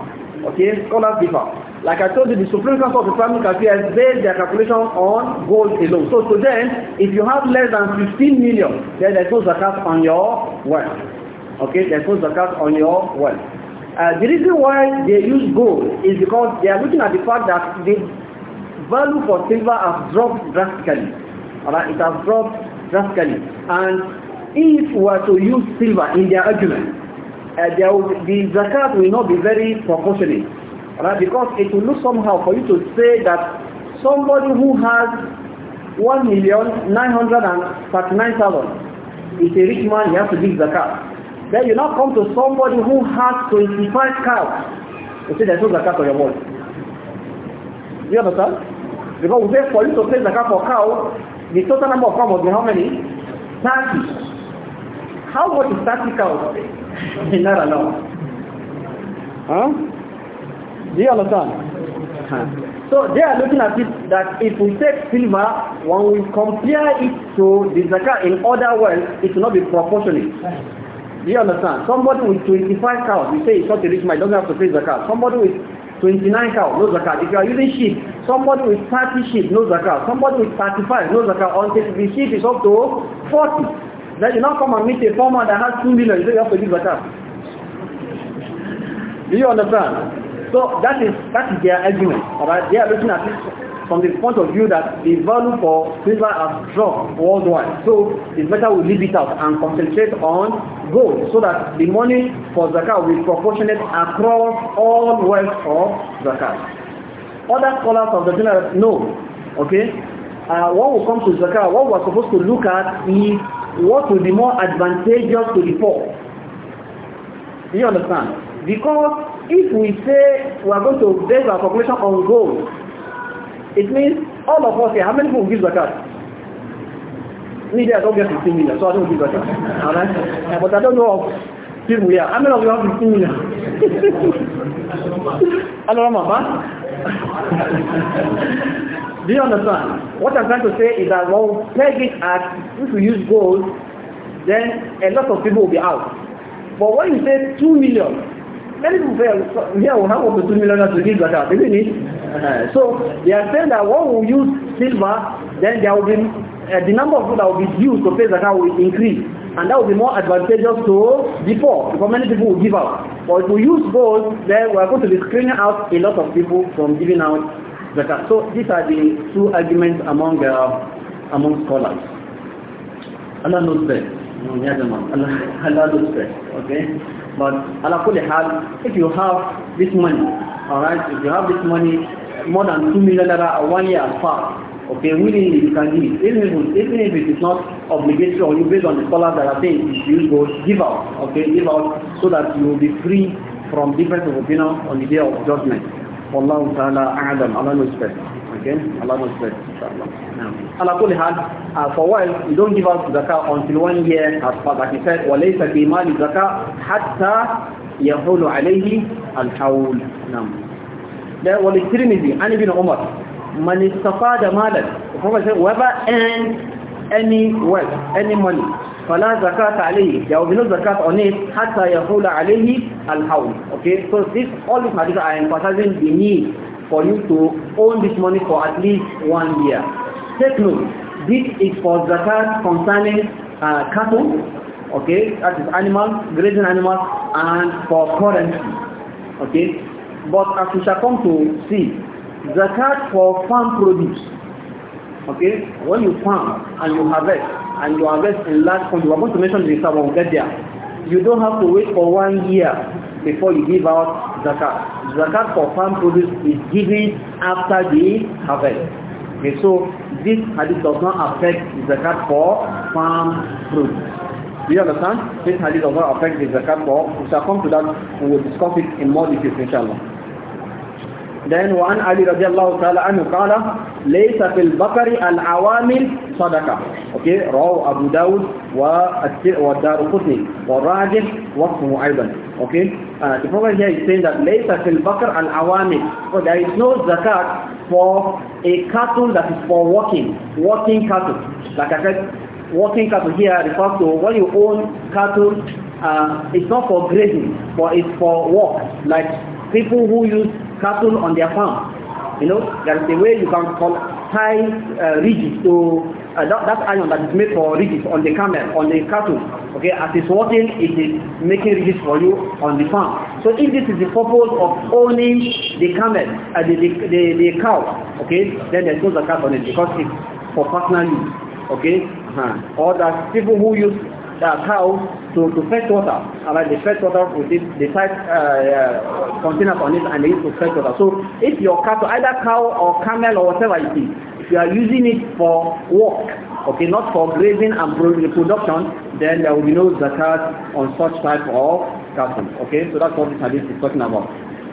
B: Okay, scholars differ. Like I told you, the Supreme Court of Islamic Affairs based their calculation on gold alone. So to them, if you have less than 15 million, then there's no zakat on your wealth. Okay, there's no zakat on your wealth. Uh, the reason why they use gold is because they are looking at the fact that the value for silver has dropped drastically. Alright, it has dropped drastically. And if we are to use silver in their argument, uh, would, the zakat will not be very proportionate. Right? Because it will look somehow for you to say that somebody who has one million nine nine hundred and thirty thousand is a rich man, he has to give zakat. Then you now come to somebody who has twenty five cows. You say there's no zakat for your money. Do you understand? Because we say for you to pay zakat for cow, the total number of cows must be how many? Thirty. How much is thirty cows? Not allowed. Huh? Do you understand? So they are looking at it that if we take silver, when we compare it to the zakat in other words, it will not be proportionate. Do you understand? Somebody with 25 cows, you say it's not a rich man, doesn't have to pay zakat. Somebody with 29 cows, no zakat. If you are using sheep, somebody with 30 sheep, no zakat. Somebody with 35, no zakat. Until the sheep is up to 40. Then you now come and meet a farmer that has 2 million, you say you have to give zakat. Do you understand? So that is that is their argument. Alright, they are looking at it from the point of view that the value for silver has dropped worldwide. So it's better we leave it out and concentrate on gold so that the money for zakat will be proportionate across all wealth of zakat. Other scholars of the general know, Okay. Uh, what will come to zakat, what we're supposed to look at is what will be more advantageous to the poor. Do you understand? Because if we say we are going to base our calculation on gold, it means all of us here, how many people will give zakat? Me I don't get 15 million, so I don't give zakat. Alright? But I don't know of people here. How many of you have 15 million? Alarama, huh? Do you understand? What I'm trying to say is that when we peg it at, if we use gold, then a lot of people will be out. But when you say 2 million, many people fail. Here we have over 2 million to give zakat, isn't it? so they are saying that one we use silver, then there will be, uh, the number of people that will be used to pay zakat will increase. And that will be more advantageous to before, because many people will give out. But if we use gold, then we are going to be screening out a lot of people from giving out zakat. So these are the two arguments among uh, among scholars. Allah knows best. Allah knows best. Okay? But alakuli hal, if you have this money, alright, if you have this money, more than two million naira a one year far, okay, willingly you can give Even if, even if it is not obligatory or you based on the scholars that are saying you should go give out, okay, give out so that you will be free from different of opinion on the day of judgment. Wallahu ta'ala a'adam, Allah knows best. Okay? Allah knows best, inshallah. على كل حال فوائل دون جيب الزكاة until one year as far as وليس في مال الزكاة حتى يحول عليه الحول نعم والترمذي عن ابن عمر من استفاد مالا وفا and any wealth any money فلا زكاة عليه يو بنو زكاة on it حتى يقول عليه الحول okay so this all this matter I am emphasizing the need for you to own this money for at least one year take note, this is for zakat concerning uh, cattle, okay, that is animals, grazing animals, and for currency, okay. But as we shall come to see, zakat for farm produce, okay, when you farm and you harvest, and you harvest in large quantity, we are going to mention this when we get there, you don't have to wait for one year before you give out zakat. Zakat for farm produce is given after the harvest. Okay, so this hadith does not affect the zakat for farm fruit. Do you understand? This hadith does not affect the zakat for, we shall come to that, we will discuss it in more detail, inshallah. Then وعن علي رضي الله تعالى عنه قال ليس في البقر العوامل صدقة okay. رواه أبو داود والدار قطني والراجح وصفه أيضا okay. uh, the problem here is saying that ليس في البقر العوامل so there is no zakat for a cattle that is for walking, walking cattle. Like I said, walking cattle here refers to when you own cattle, uh, it's not for grazing, but it's for walk. Like people who use cattle on their farm. You know, that is the way you can call, tie uh, ridges to uh, that, that iron that is made for ridges on the camel, on the cattle, okay, as it's working, it is making ridges for you on the farm. So if this is the purpose of owning the camel, uh, the, the, the, the cow, okay, then there's no zakat on it because it's for personal use, okay? Uh -huh. Or that people who use that cow to, to fetch water. And like they fetch water with this, they type uh, uh, containers on it and they use to fetch water. So if your cattle, either cow or camel or whatever it is, you are using it for work, okay, not for grazing and production, then there will be no zakat on such type of cattle. Okay, so that's what this hadith is talking about.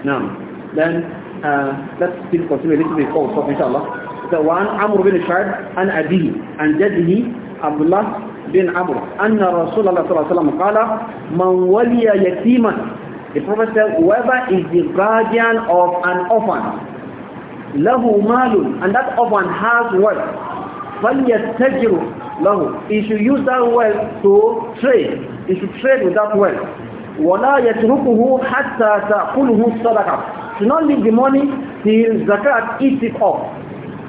B: Now, then uh, let's still continue a little bit before we stop, inshallah. The one, Amr bin Shad and Abi, and Jadihi, Abdullah bin Amr, anna Rasulullah sallallahu alaihi wasallam qala, man waliya yatiman. The Prophet said, whoever is the guardian of an orphan, lahu malun and that of one has wealth فَلْيَسْتَجِرُ lahu he should use that wealth to trade he should trade with that wealth وَلَا يَتْرُكُهُ حَتَّى تَأْكُلُهُ صَدَقَةً should not leave the money till zakat eats it up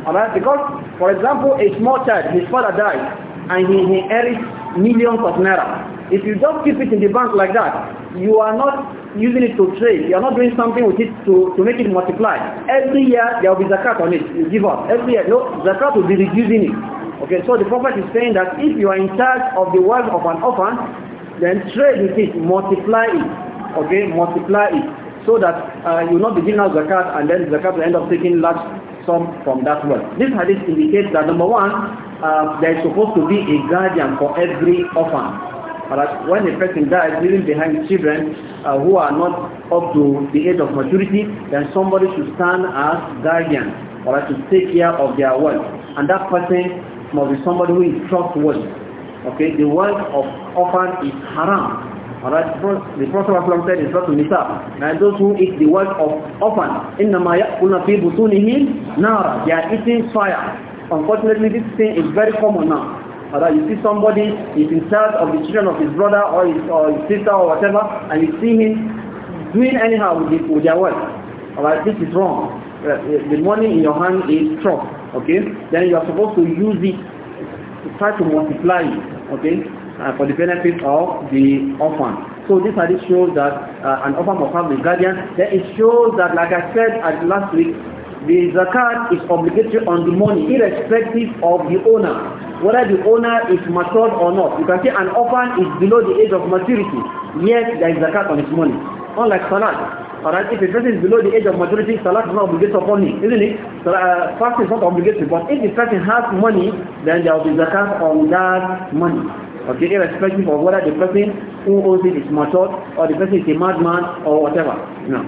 B: alright because for example a small child his father died, and he inherits millions of naira If you just keep it in the bank like that, you are not using it to trade. You are not doing something with it to, to make it multiply. Every year there will be zakat on it. You give up. Every year, no, zakat will be reducing it. Okay, so the Prophet is saying that if you are in charge of the wealth of an orphan, then trade with it, multiply it. Okay, multiply it. So that uh, you will not be giving out zakat and then zakat will end up taking large sum from that wealth. This hadith indicates that number one, uh, there is supposed to be a guardian for every orphan. But when a person dies leaving behind children uh, who are not up to the age of maturity, then somebody should stand as guardian or to take care of their wealth. And that person must be somebody who is trustworthy. Okay, the wealth of orphan is haram. Alright, the Prophet said not to Surah up. now those who eat the wealth of orphan, إِنَّمَا يَأْكُلْنَا فِي بُطُونِهِمْ نَارًا They are eating fire. Unfortunately, this thing is very common now. Although you see somebody is in charge of the children of his brother or his, or his sister or whatever, and you see him doing anyhow with, the, with their work. Alright, this is wrong. Uh, the money in your hand is trust, okay? Then you are supposed to use it to try to multiply it, okay? Uh, for the benefit of the orphan. So this hadith shows that uh, an orphan must have a guardian. Then it shows that, like I said at last week, the zakat is obligatory on the money irrespective of the owner whether the owner is matured or not you can see an orphan is below the age of maturity yet there is zakat on his money unlike salat alright if a person is below the age of maturity salat is not obligatory upon him isn't it so, uh, fast is not obligatory but if the person has money then there will be zakat on that money okay irrespective of whether the person who owns it is matured or the person is a madman or whatever no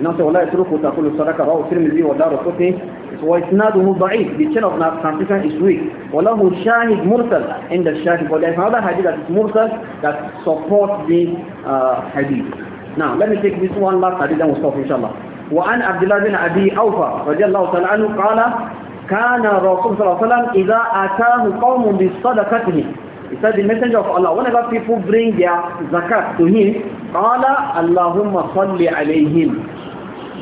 B: انت ولا يتركوا تقولوا صدقه راو ترمذي ودار قطني واسناده ضعيف بيتشن اوف ناس كانتيكان از ويك وله شاهد مرسل عند الشاهد ولا هذا حديث مرسل ذات سبورت دي حديث نعم let me take this one last hadith and we'll stop عبد الله بن ابي اوفى رضي الله تعالى عنه قال كان الرسول صلى الله عليه وسلم اذا اتاه قوم بصدقته He said the messenger of Allah, whenever people bring their zakat to him, قال اللهم صل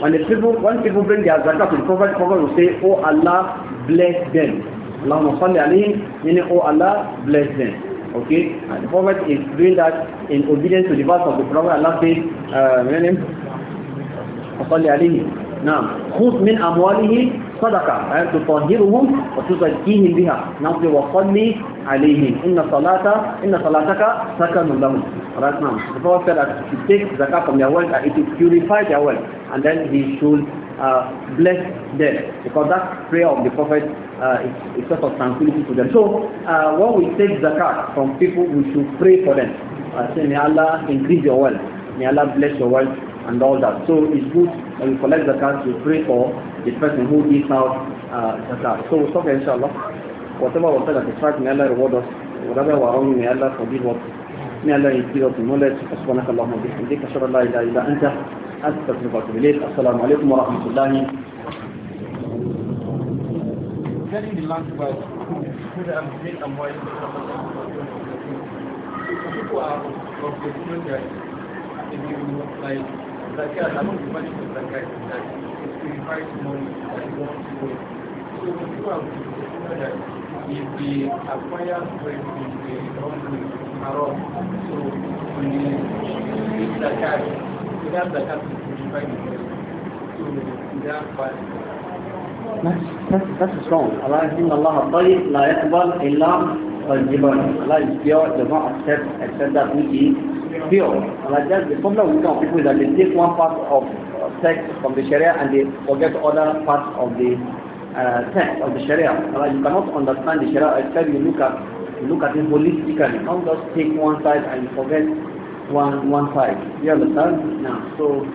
B: When the people, when people bring their zakat to the Prophet, Prophet will say, Oh Allah, bless them. Allahumma salli alayhim, meaning, Oh Allah, bless them. Okay? And the Prophet is doing that in obedience to the verse of the Prophet. Allah says, uh, Salli alayhim. نعم خذ من أمواله صدقة أن تطهرهم وتزكيهم بها نعم وصلي عليهم إن صلاة إن صلاتك سكن لهم right now the Prophet said that if you take zakah from their wealth it is purified their wealth and then he should uh, bless them because that prayer of the Prophet uh, is, is sort of tranquility to them so uh, when we take zakat from people we should pray for them uh, say may Allah increase your wealth may Allah bless your wealth and all that. So it's good when you collect zakat, you pray for the person who gives out uh, zakat. So we'll stop inshallah. Whatever was said at the start, may Allah reward us. Whatever we wrong, may Allah forgive us. May Allah give us the knowledge. سبحانك اللهم وبحمدك أشهد أن لا إله إلا أنت أستغفرك وأتوب إليك. السلام عليكم ورحمة الله.
A: the last verse, who the Amazigh and the children, if like Zakat, I know you mentioned Zakat, that it purifies money that you want to win. So if you have to that if the acquire wealth is the wrong way, haram, so we need Zakat. So that Zakat is purified the wealth. So that part.
B: That's, that's, that's wrong. Allah, Allah, Allah, Allah, Allah, Allah, Allah, طيبات Allah is pure does not accept accept that which is pure Allah just the problem with some people is that they take one part of sex uh, from the Sharia and they forget other parts of the uh, text of the Sharia Allah you cannot understand the Sharia except you look at you look at it holistically not just take one side and forget one one side you understand now so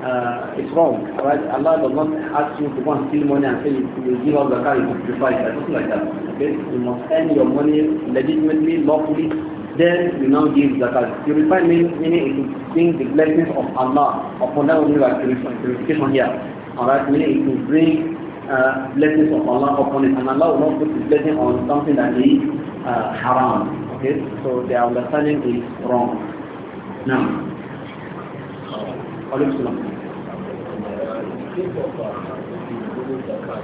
B: uh, it's wrong, right? Allah does not ask you to go and steal money and say you give all the car, you sacrifice, something like that. Okay? You must earn your money legitimately, lawfully, then you now give the You Purify means meaning it will bring the blessings of Allah upon that only by purification here. Alright, meaning it will bring uh, blessings of Allah upon it and Allah will not put his blessing on something that is uh, haram. Okay? So the understanding is wrong. Now, Alaihi Wasallam
A: think of uh, the zakat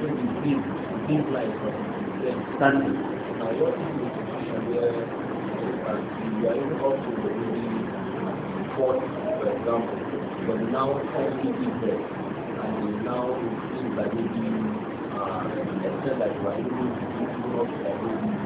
A: big, big the situation where you are able to really import, for example, but now only people and now it seems that maybe uh, except that you are able to do much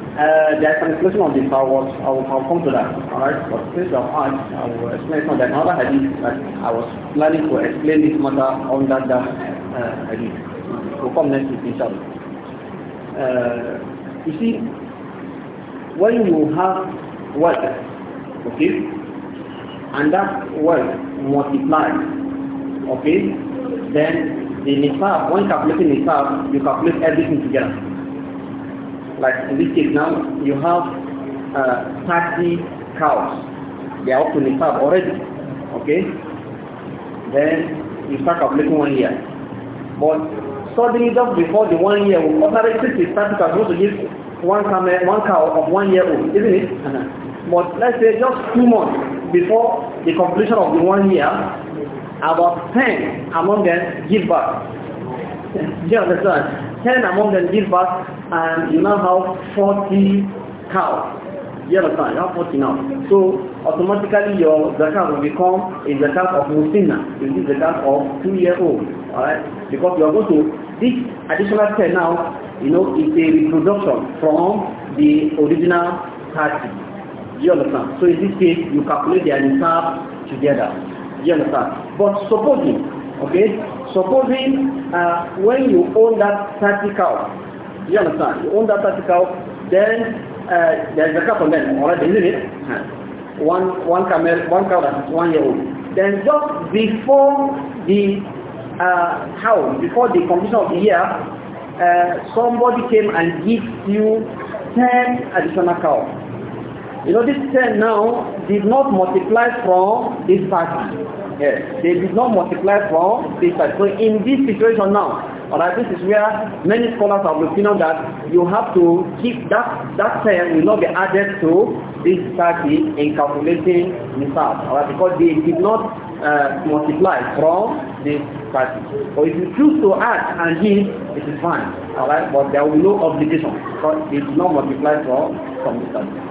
B: Uh, some question of this, I I will, I'll come to that, alright? But since I've I will explain from that other hadith that I was planning to explain this matter on that, that uh, hadith. We'll come next week, inshallah. Uh, you see, when you have wealth, okay, and that wealth multiplied, okay, then the nisab, when calculating nisab, you calculate everything together. like in this case now, you have uh, 30 cows. They are up to Nisab already. Okay? Then you start calculating one year. But suddenly just before the one year, automatically you start to calculate to give one cow, eh, one cow of one year old, isn't it? Uh-huh. But let's say just two months before the completion of the one year, about 10 among them give birth. Do you understand? 10 among them give birth, and you now have 40 cows. You understand? You have 40 now. So automatically your zakat will become a zakat of musina. It is zakat of two-year-old. Alright? Because you are going to, this additional 10 now, you know, is a reproduction from the original 30. You understand? So in this case, you calculate the entire together. You understand? But supposing Okay? Supposing uh, when you own that 30 cow, you understand? You own that 30 cow, then uh, there's a couple them alright, isn't it? One, one camel, one cow that's one year old. Then just before the uh, before the completion of the year, uh, somebody came and gives you 10 additional cows. You know, this ten now did not multiply from this party. Yes, they did not multiply from this party. So in this situation now, alright, this is where many scholars are looking on that you have to keep that, that ten will not be added to this party in calculating nisab, alright, because they did not uh, multiply from this party. Or so if you choose to add and give, it is fine, alright, but there will be no obligation because it did not multiply
A: from, from this party.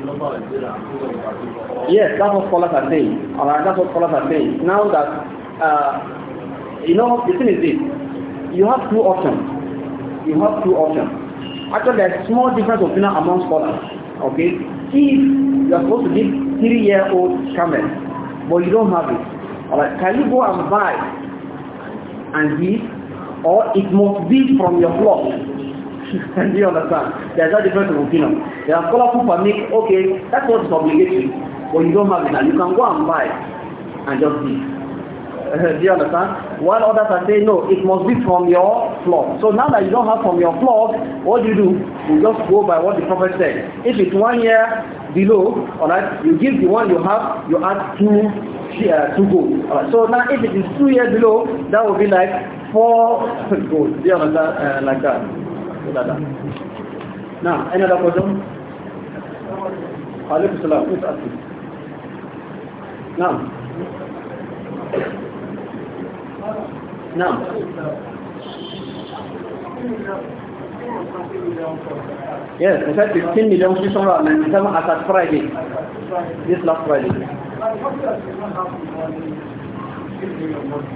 A: Yes,
B: that's what scholars are saying. Alright, that's what scholars are saying. Now that,
A: uh,
B: you know, the thing is this. You have two options. You have two options. Actually, there's small difference of opinion among scholars. Okay? If you are supposed to give three-year-old camel, but you don't have it, alright, can you go and buy and give, or it must be from your flock? Do you understand? There's no difference of opinion. There are colorful permit, okay, that's what is obligatory, but you don't have it now. You can go and buy and just leave. Do you understand? While others are saying, no, it must be from your flock. So now that you don't have from your flock, what do you do? You just go by what the prophet said. If it's one year below, alright, you give the one you have, you add two uh, two gold. Alright, so now if it is two years below, that will be like four gold. Do you understand? Uh, like that. wadada na aina da kwazon alaikus salam is asu
A: na'am na'am yes in fact 15
B: million fish on our 97 as at friday this last friday
A: different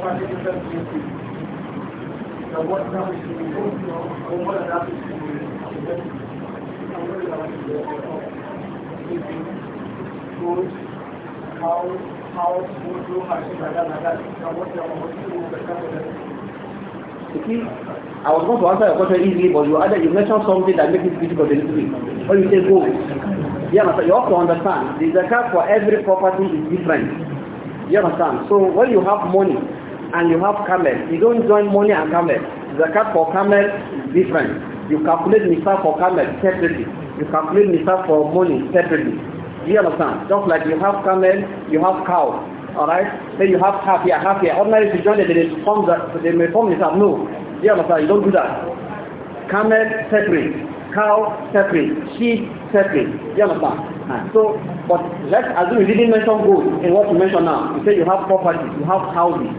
A: kind See, I was going
B: to answer your question easily, but you added, you mention something that makes it difficult to listen. Or you say go, yeah, you have to understand, the zakat for every property is different. You understand? So when you have money, and you have camel. You don't join money and camel. Zakat for camel is different. You calculate nisab for camel separately. You calculate nisab for money separately. Do you understand? Just like you have camel, you have cow. Alright? Then you have half here, half here. Ordinarily if you join it, they form that they may form nisab. No. Do you understand? You don't do that. Camel separate. Cow separate. Sheep separate. Do you understand? Ah. So, but let's assume you didn't mention gold in what you mentioned now. You say you have property, you have houses,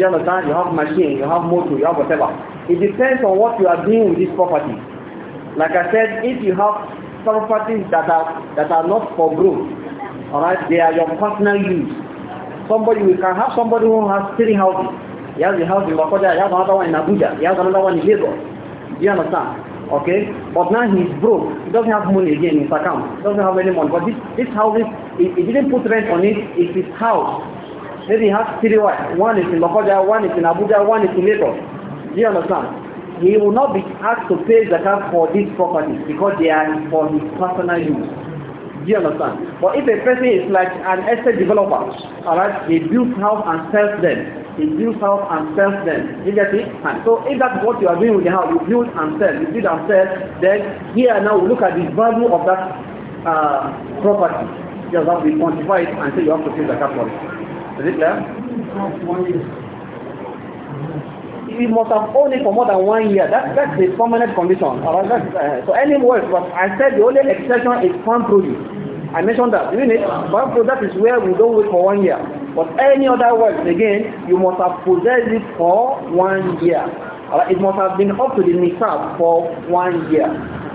B: you understand? You have machine, you have motor, you have whatever. It depends on what you are doing with this property. Like I said, if you have properties that are that are not for growth, all right, they are your personal use. Somebody we can have somebody who has three houses. He has a house in Bakoda, he has another one in Abuja, he has another one in Lagos. you understand? Okay? But now he's broke. He doesn't have money again in his account. He doesn't have any money. But this, this house, is, he, he didn't put rent on it. It's his house. Maybe he has three wives. One is in Makoja, one is in Abuja, one is in Lagos. Do you understand? He will not be asked to pay zakat for these properties because they are for his personal use. Do you understand? But if a person is like an estate developer, alright, he builds house and sells them. He builds house and sells them. You get it? And so if that's what you are doing with the house, you build and sell, you build and sell, then here now we look at the value of that uh, property. Just have to quantify it and say you have to pay the capital. Is it clear? He must have owned it for more than one year. That, that's the permanent condition. uh, so any work, but I said the only exception is farm produce. I mentioned that, isn't it? Farm produce is where we don't wait for one year. But any other work, again, you must have possessed it for one year. Right, it must have been up to the nisab for
A: one year.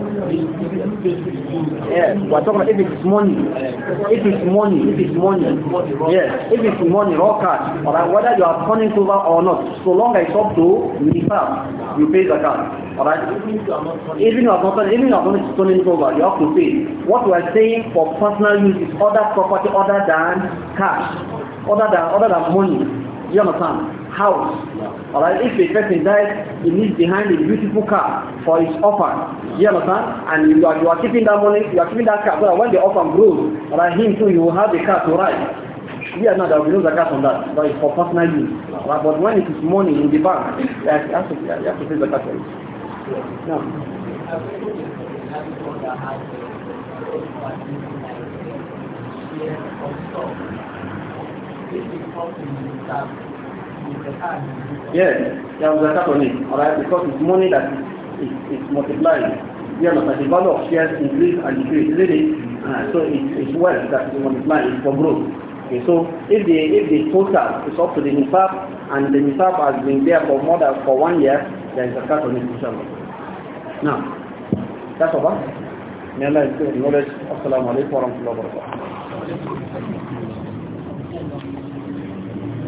A: Yeah, we're talking about if it's money, if it's money, if it's money,
B: yeah, if it's money, raw cash, all right, whether you are turning over or not, so long as it's up to nifab, you pay the card. all right? Even if you are not even if you are not turning over, you have to pay. What we are saying for personal use is other property other than cash, other than other than money. You understand? house. All right, if a person dies, he leaves behind a beautiful car for his orphan. You understand? And you are, you are keeping that money, you are keeping that car so that when the orphan grows, all right, him too, you will have a car to ride. We are not there will be no zakat on that. That is for personal use. Right? But when it is money in the bank, you have to, you have to pay zakat for
A: it. No. Yeah. Yes, there was cut on it, alright,
B: because it's money that is, is, is multiplying. You understand? The value of shares increase and decrease, isn't it? Uh, so it, it's wealth that is multiplying, it's for growth. Okay, so if the if the total is up to the nisab and the nisab has been there for more than for one year, there is a cut on it, inshallah. Now, that's all.
A: May Allah increase knowledge. Assalamu alaikum wa rahmatullahi wa barakatuh.